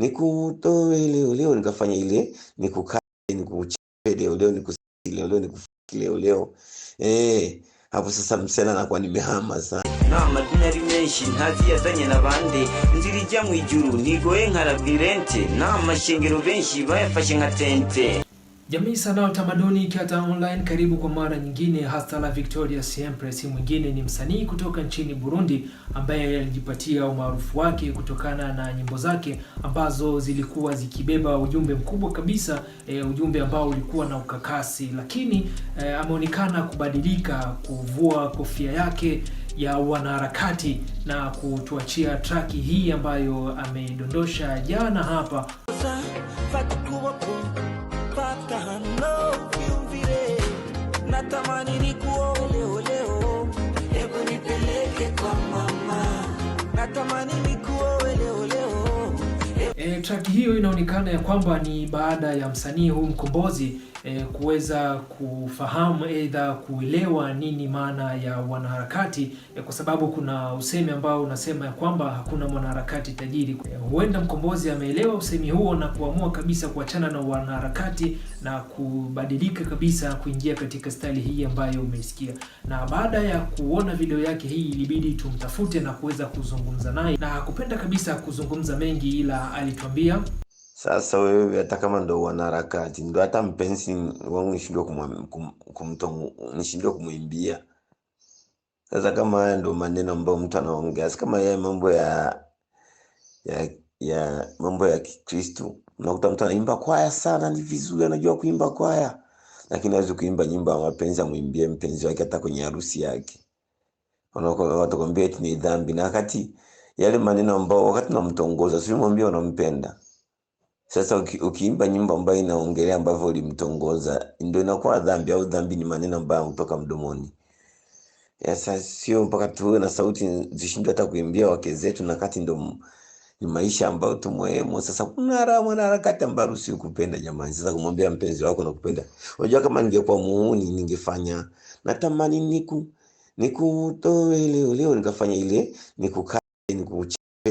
nikutoe leo leo nikafanya ile, nikukae nikuchepe leo leo nikusiki leo leo leo leo eh, hapo sasa msela nakuwa nimehama sana namazina rimenshi ntaziyazanye nabande inzira ijya mu ijuru ntigoye nka na namashengero benshi bayafashe nka tente Jamii, sanaa, utamaduni, Kyata Online, karibu kwa mara nyingine. Hasta la Victoria Siempre si mwingine, ni msanii kutoka nchini Burundi ambaye alijipatia umaarufu wake kutokana na nyimbo zake ambazo zilikuwa zikibeba ujumbe mkubwa kabisa, e, ujumbe ambao ulikuwa na ukakasi, lakini e, ameonekana kubadilika, kuvua kofia yake ya wanaharakati na kutuachia traki hii ambayo amedondosha jana hapa tamani track hiyo inaonekana ya kwamba ni baada ya msanii huyu mkombozi e, kuweza kufahamu aidha kuelewa nini maana ya wanaharakati e, kwa sababu kuna usemi ambao unasema ya kwamba hakuna mwanaharakati tajiri. E, huenda mkombozi ameelewa usemi huo na kuamua kabisa kuachana na wanaharakati na kubadilika kabisa kuingia katika staili hii ambayo umeisikia. Na baada ya kuona video yake hii ilibidi tumtafute na kuweza kuzungumza naye, na hakupenda kabisa kuzungumza mengi, ila alituambia pia Sasa wewe hata kama ndo wanaharakati ndo hata mpenzi wangu nishindwe kumtoa kumwimbia. Sasa kama haya ndo maneno ambayo mtu anaongea, kama yeye mambo ya ya ya mambo ya Kikristo, unakuta mtu anaimba kwaya sana, ni vizuri, anajua kuimba kwaya, lakini hawezi kuimba nyimbo ya mapenzi amwimbie mpenzi wake hata kwenye harusi yake. Wanakwambia eti ni dhambi na wakati yale maneno ambao wakati namtongoza, si mwambia unampenda. Sasa ukiimba nyimbo ambayo inaongelea ambavyo ulimtongoza, ndio inakuwa dhambi, au dhambi ni maneno ambayo kutoka mdomoni. Sasa sio mpaka tu na sauti zishindwe hata kuimbia wake zetu, na kati ndio ni maisha ambayo tumwemo. Sasa kuna haramu na harakati ambayo si kupenda jamani. Sasa kumwambia mpenzi wako na kupenda unajua kama ningekuwa muuni ningefanya, natamani niku nikutoe leo leo nikafanya ile nikukaa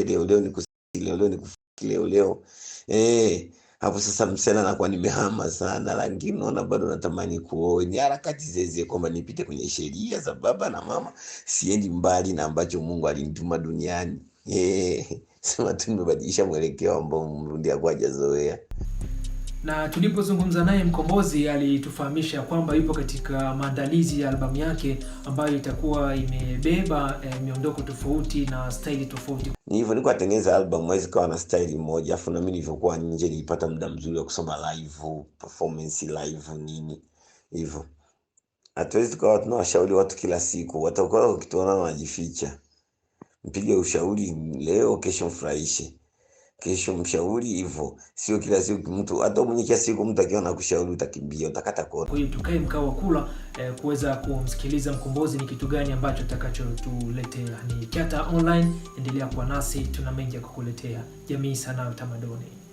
nikupe leo leo, nikusiki leo leo, nikufiki leo leo. Eh, hapo sasa msela nakuwa nimehama sana, lakini naona bado natamani kuoa. Ni harakati zeze kwamba nipite kwenye sheria za baba na mama, siendi mbali na ambacho Mungu alinituma duniani. Eh, sema tu nimebadilisha mwelekeo ambao Mrundi akuwa ajazoea na tulipozungumza naye Mkombozi alitufahamisha kwamba yupo katika maandalizi ya albamu yake ambayo itakuwa imebeba e, miondoko tofauti na staili tofauti. Ni hivyo, niko atengeneza albamu haizi kawa na staili moja, afu nami nilivyokuwa nje nilipata muda mzuri wa kusoma live performance live nini hivyo. Hatuwezi tukawa tunawashauri watu kila siku, watakuwa wakituona wanajificha. Mpige ushauri leo, kesho mfurahishe kesho mshauri hivyo, sio kila siku mtu. Hata mwenye siku mtu akiwa kushauri utakimbia, utakata kona. Kwa hiyo tukae mkao wa kula eh, kuweza kumsikiliza Mkombozi ni kitu gani ambacho atakachotuletea. Ni Kyata Online, endelea kuwa nasi, tuna mengi ya kukuletea, jamii, sanaa, utamaduni.